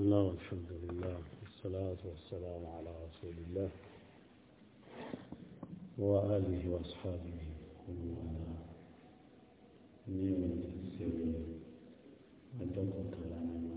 بسم الله والحمد لله والصلاة والسلام على رسول الله وآله وأصحابه ومن والاه نعم التفسير عندكم كلام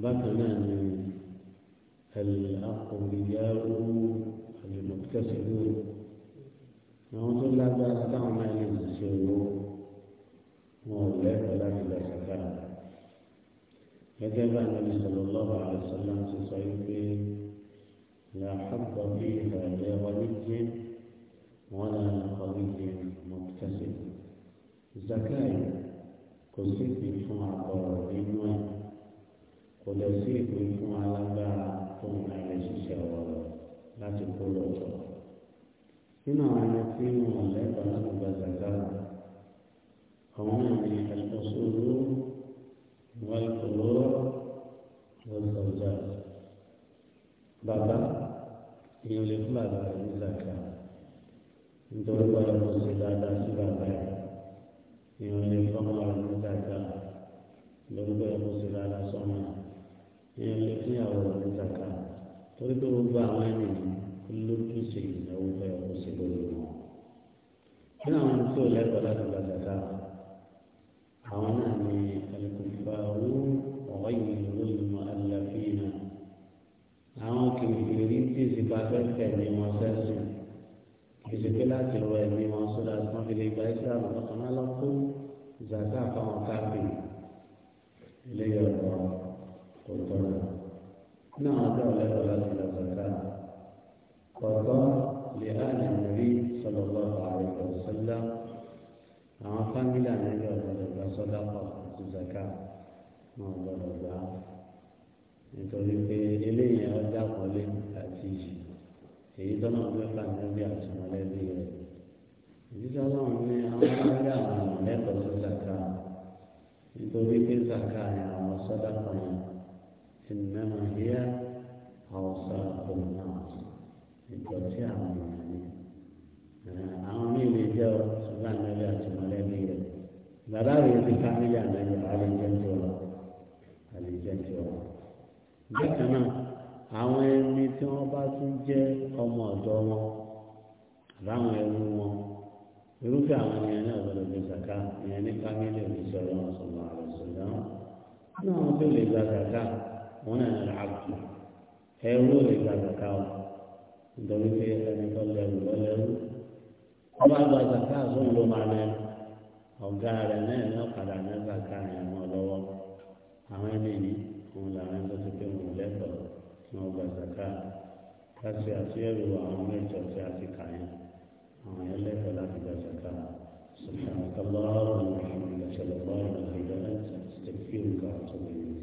بطنان الأقوياء المكتسبون نعوذ الله تعالى تعالى وسلم سيفي لا حظ فيها لولي ولا قوي مكتسب زكاة كسيت فوق قرنين كلسيت فوق لبا فوق على شيشة láti kó lọ sọ nínú àwọn ẹni tí wọn lẹ́kọ̀ọ́ láti gba zàgà àwọn náà bàbá èèyàn lè fún bàbá rẹ̀ ní zaka nítorí bọ́lá mo ṣe dáadáa sí bàbá rẹ̀ èèyàn lè fún ọmọ rẹ̀ ní zaka lórí bọ́lá mo ṣe dáadáa sọ́mọ èèyàn lè fún ìyàwó rẹ̀ ní zaka torí pé gbogbo àwọn ènìyàn lójúṣe ìnáwó bẹ́ẹ̀ ó ṣe lórí wọn. nínú àwọn tó lẹ́kọ̀ọ́ láti gbà zaka. afẹ́fẹ́ ní wọn sẹ́sùn ìṣèké láti rọ ẹ̀mí wọn sódà tí wọ́n fi lè gba islam ọ̀kan alákó zaka fáwọn káfí ilé ọ̀rọ̀ kòtòrò náà ọjọ́ ọ̀lẹ́kọ̀ọ́ láti lọ zaka kọ̀tọ́ lè á lè rí sọlọ́gbọ́ ààrẹ ọ̀sọ́lá àwọn fámìlì àmì ọ̀gbọ́dọ̀ gba pọ̀ àti zaka wọn ọ̀gbọ́dọ̀ nítorí pé eléyìí ọjà kọ́lé àti yìí èyí tọ́nà fẹ́ fà níbi àtìmọ́lẹ́bí rẹ̀ ìdíjọ́ náà ní àwọn aráàlú àwọn àmọ̀lẹ́kọ̀ọ́ sí zaka nítorí pé zaka ni àwọn sọ́dà kan ìnáwó yíyá àwọn sọ́dà kan náà ìdọ̀tí àwọn ènìyàn ni àwọn míì lè jẹ́ ṣùgbọ́n níbi àtìmọ́lẹ́bí rẹ̀ bàbá rẹ̀ ti ká níbi àmọ́lẹ́bí àlejò àlejò bákan náà. bá tún jẹ́ ọmọ ọ̀dọ́ wọn àbáwọn ẹrú wọn irúfẹ́ àwọn ènìyàn náà zaka ìyẹn ní fámílì òṣìṣẹ́ ọlọ́run sọ̀rọ̀ àrẹ sọ̀rọ̀ náà wọn tó lè gba zaka wọn náà ẹrú lè gba zaka nítorí pé ẹni tó lọ wọn bá gba zaka máa lẹ náà ní ọ̀kadà ní zaka yẹn lọ́wọ́ àwọn ẹni kasi àṣeyọrí wa àwọn mẹ́jọ tí a ti kà yẹn àwọn ẹlẹ́tọ̀ọ́ láti gbàṣẹ ká sọ̀tàn kàlọ́ọ̀rọ̀ ìṣẹ̀lẹ̀ bọ́ọ̀lù ìdánilẹ́sẹ̀ tẹ̀fíìmù kan tó lè yẹ.